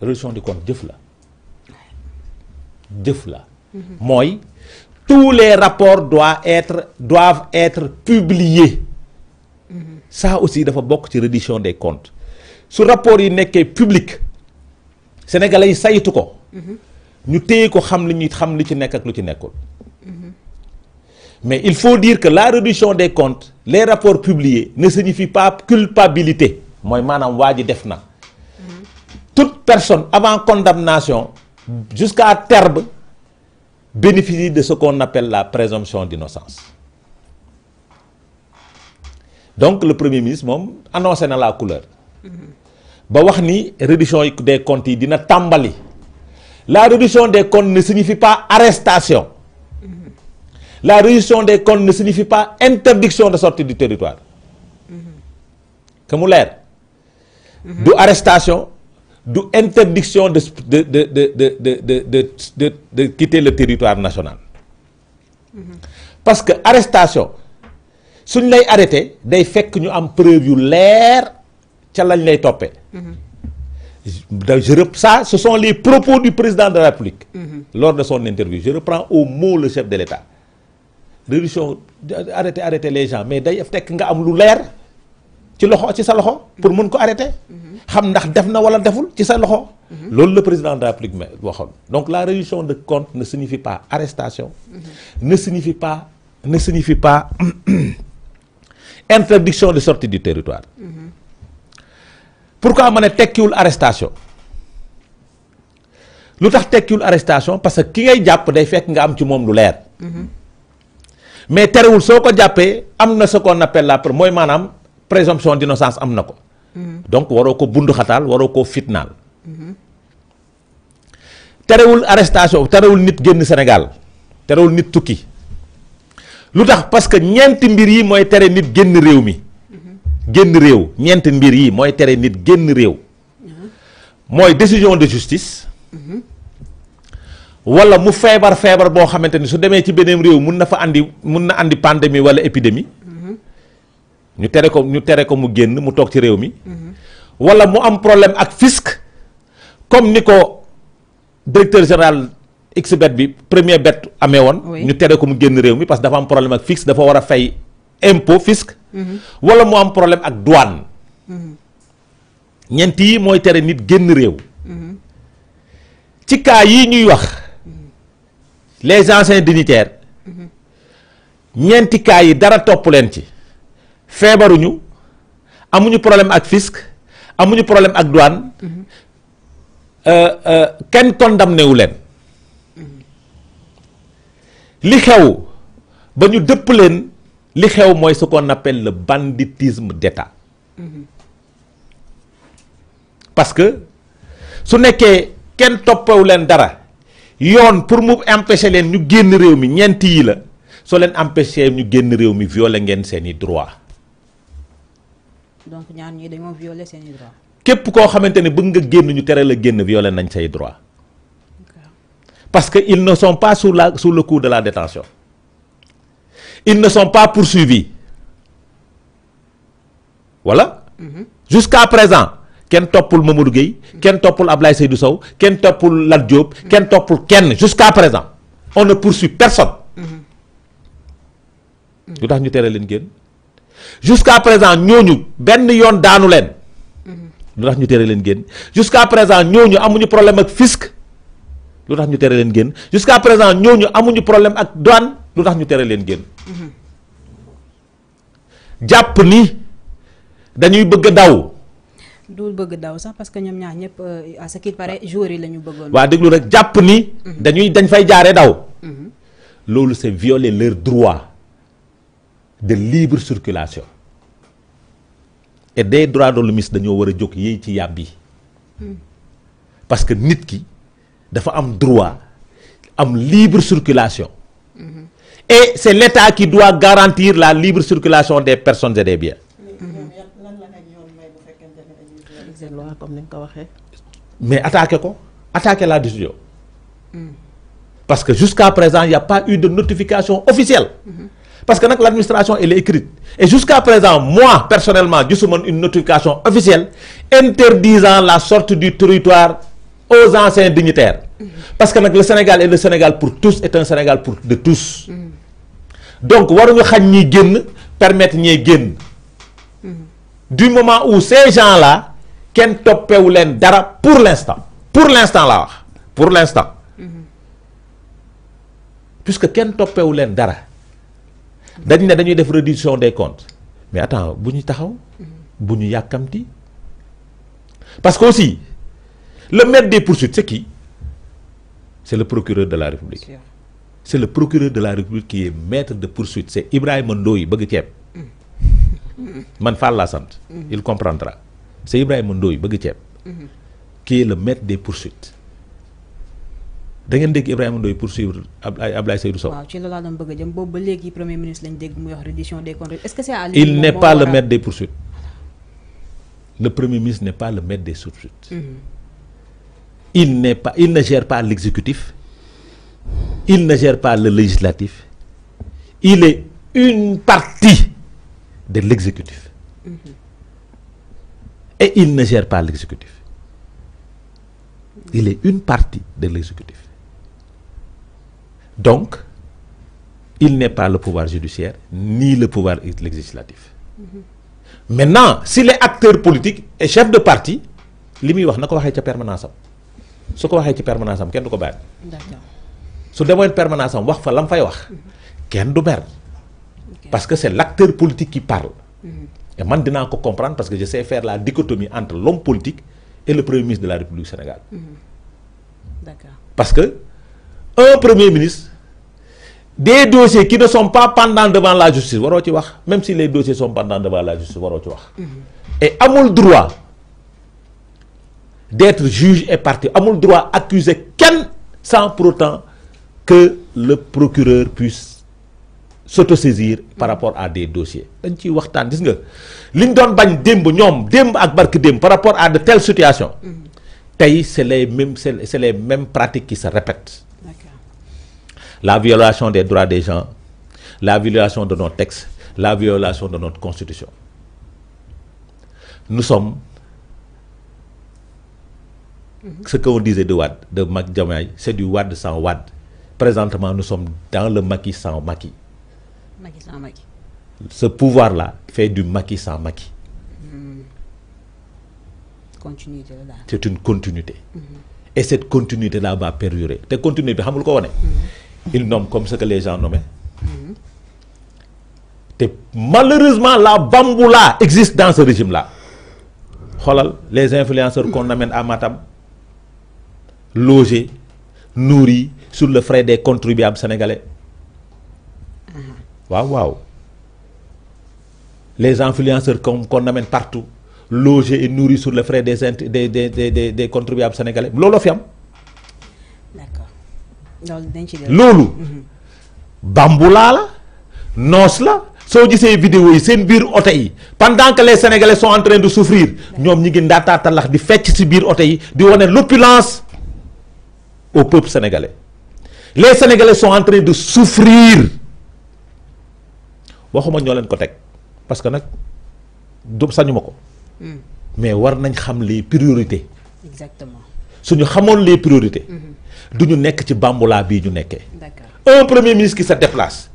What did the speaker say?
réduction des comptes, la jëf tous les rapports doivent être doivent être publiés ça aussi dafa bok ci reddition des comptes Ce rapport yi public, public sénégalais yi y ko ñu téy ko xam li qui xam li ci nekk ak lu ci nekkul mais il faut dire que la reddition des comptes les rapports publiés ne signifie pas culpabilité moy manam waji ji toute personne avant condamnation jusqu'à terme bénéficie de ce qu'on appelle la présomption d'innocence. Donc le Premier ministre m'a annoncé la couleur ba réduction des comptes la réduction des comptes ne signifie pas arrestation la réduction des comptes ne signifie pas interdiction de sortie du territoire Comme l'air. De arrestation d'interdiction interdiction de de de de de de de de quitter le territoire national. parce que arrestation on lay arrêté day que nous avons prévu l'air, l'air, nous lañ lay je ça ce sont les propos du président de la République. lors de son interview je reprends au mot le chef de l'État. Arrêtez arrêter les gens mais day que nous am lu ci loxo ci sa loxo pour mën ko arrêter mhm. xam ndax def na wala deful ci sa loxo mhm. loolu le président de la République ma waxoon donc la réduction de compte ne signifie pas arrestation mhm. ne signifie pas ne signifie pas interdiction de sortie du territoire pourquoi mané ne tekkiwul arrestation lu tax tekkiwul arrestation parce que ki ngay jàpp day fekk nga am ci moom lu leer mais terewul soo ko jàppee am na ce qu'on appelle la preuve mooy maanaam présomption d'innocence am ko. donc waroo ko bundu khatal waroo ko Il arrestation téréwul nit génn Sénégal téréwul nit tukki lutax parce que ñent mbir yi moy téré nit génn réew mi. génn réew ñent mbir yi moy téré nit génn réew. moy décision de justice. wala mu bo su démé ci réew mën na fa andi mën na andi pandémie wala épidémie ñu téré ko ñu téré ko mu génn mu toog ci réew mi. wala mu am problème ak fisc comme ni ko directeur général XBET bi premier bet amé woon. ñu téré ko mu génn réew mi parce que dafa am problème ak fisc dafa war a fay impôt fisc. Mhm. wala mu am problème ak douane. Mhm. ñeent yi mooy tere nit génn réew. Mhm. ci cas yi ñuy wax les anciens dignitaires ñenti cas yi dara topp leen ci. feebaruñu amuñu problème ak fisc amuñu problème ak douane mhm. euh, euh, kenn condamné wu leen mhm. li xew ba ñu dëpp leen li xew mooy ce qu'on appelle le banditisme d'État mhm. parce que su nekkee kenn toppewu leen dara yoon pour mu empêcher leen ñu génn réew mi ñeent yi la soo leen empêcher ñu génn réew mi viole ngeen seeni droit donc ñaar ñi dañoo violer seen droits. képp koo xamante ne bëgg ñu tere la génn violer nañ say droits parce que ils ne sont pas sous la sous le coup de la détention ils ne sont pas poursuivis voilà. Mhm. jusqu'à présent kenn toppul Mamadou Gueye kenn toppul Ablaye Seydou Sow kenn pour Lat Diop mhm. kenn toppul Ken. jusqu'à présent on ne poursuit personne. Mhm. lu tax ñu tere jusqu'à présent ñooñu benn yoon daanu leen. lu tax ñu tere leen génn jusqu'à présent ñooñu amuñu problème ak fisc lu tax ñu tere leen génn jusqu'à présent ñooñu amuñu problème ak douane lu tax ñu tere leen génn. jàpp ni dañuy bëgg daw. du bëgg daw sax parce que ñoom ñaax ñëpp a euh, ce qu'il paraît joueurs yi la ñu bëggoon. waa déglu rek jàpp ni. Mhm. dañuy dañ fay jaaree daw. Mhm. loolu c'est violer leur droit. de libre circulation et des droits de l'homme de war a ci parce que nous ki dafa am droit am libre circulation et c'est l'État qui doit garantir la libre circulation des personnes et des biens mais attaquez quoi attaquez la décision parce que jusqu'à présent il n'y a pas eu de notification officielle parce que l'administration elle est écrite et jusqu'à présent moi personnellement gisuma une notification officielle interdisant la sorte du territoire aux anciens dignitaires parce que le Sénégal est le Sénégal pour tous est un Sénégal pour de tous donc il faut que permettre de du moment où ces gens là kenn toppewu leen dara pour l'instant pour l'instant là. pour l'instant mm-hmm. puisque kenn toppewu leen dara dañ ne dañuy def réduction des comptes mais attends bu ñu taxaw bu ñu yàkkamti parce que aussi le maître des poursuites c'est qui c'est le procureur de la République c'est le procureur de la République qui est maître de poursuite c'est Ibrahima Ndoye bëgg man mm-hmm. il comprendra c'est Ibrahima Ndoye bëgg mm-hmm. qui est le maître des poursuites il n'est pas le maître des poursuites le premier ministre n'est pas le maître des poursuites. Mm-hmm. il n'est pas il ne gère pas l'exécutif il ne gère pas le législatif il est une partie de l'exécutif mm-hmm. et il ne gère pas l'exécutif il est une partie de l'exécutif donc, il n'est pas le pouvoir judiciaire ni le pouvoir législatif. Maintenant, si les acteurs politiques et chefs de parti, limi wax nako ko ci permanence am su ko pas ci permanence am kenn du ko de su demoon permanence am wax fa lam fay wax kenn du mer. parce que c'est l'acteur politique qui parle. Mhm. et maintenant, on ko comprendre parce que je sais faire la dichotomie entre l'homme politique et le premier ministre de la République du Sénégal. Mhm. parce que un premier ministre des dossiers qui ne sont pas pendants devant la justice même si les dossiers sont pendants devant la justice et ci wax. Mhm. et amul droit d'être juge et partie le droit d'accuser quelqu'un sans pour autant que le procureur puisse s'autosaisir par rapport à des dossiers par rapport à de telles situations. Mhm. c'est les c'est les mêmes pratiques qui se répètent la violation des droits des gens, la violation de nos textes, la violation de notre constitution. Nous sommes ce qu'on disait de Wad, de Mac c'est du Wad sans Wad. Présentement, nous sommes dans le maquis sans maquis. Ce pouvoir-là fait du maquis sans maquis. Hmm. C'est une continuité. Hmm. Et cette continuité-là va perdurer. Cette continuité, ils nomment comme ce que les gens nommaient. malheureusement la bamboula existe dans ce régime là les influenceurs qu'on amène à Matam logés nourris sur le frais des contribuables sénégalais mhm. waouh les influenceurs qu'on amène partout logés et nourris sur le frais des des des contribuables sénégalais loolu mhm. bambula la nos la so gisee vidéo yi seen biir oto pendant que les sénégalais sont en train de souffrir ñoom ñi ngi talax di fecc ci biir oto yi di wone l'opulence au peuple sénégalais les sénégalais sont en train de souffrir waxuma ñoo leen ko teg parce que nag du sañuma ko mm. mais war nañ xam les priorités exactement suñu xamoon les priorités mm-hmm. Nous sommes sommes ci bambola de un premier ministre qui se déplace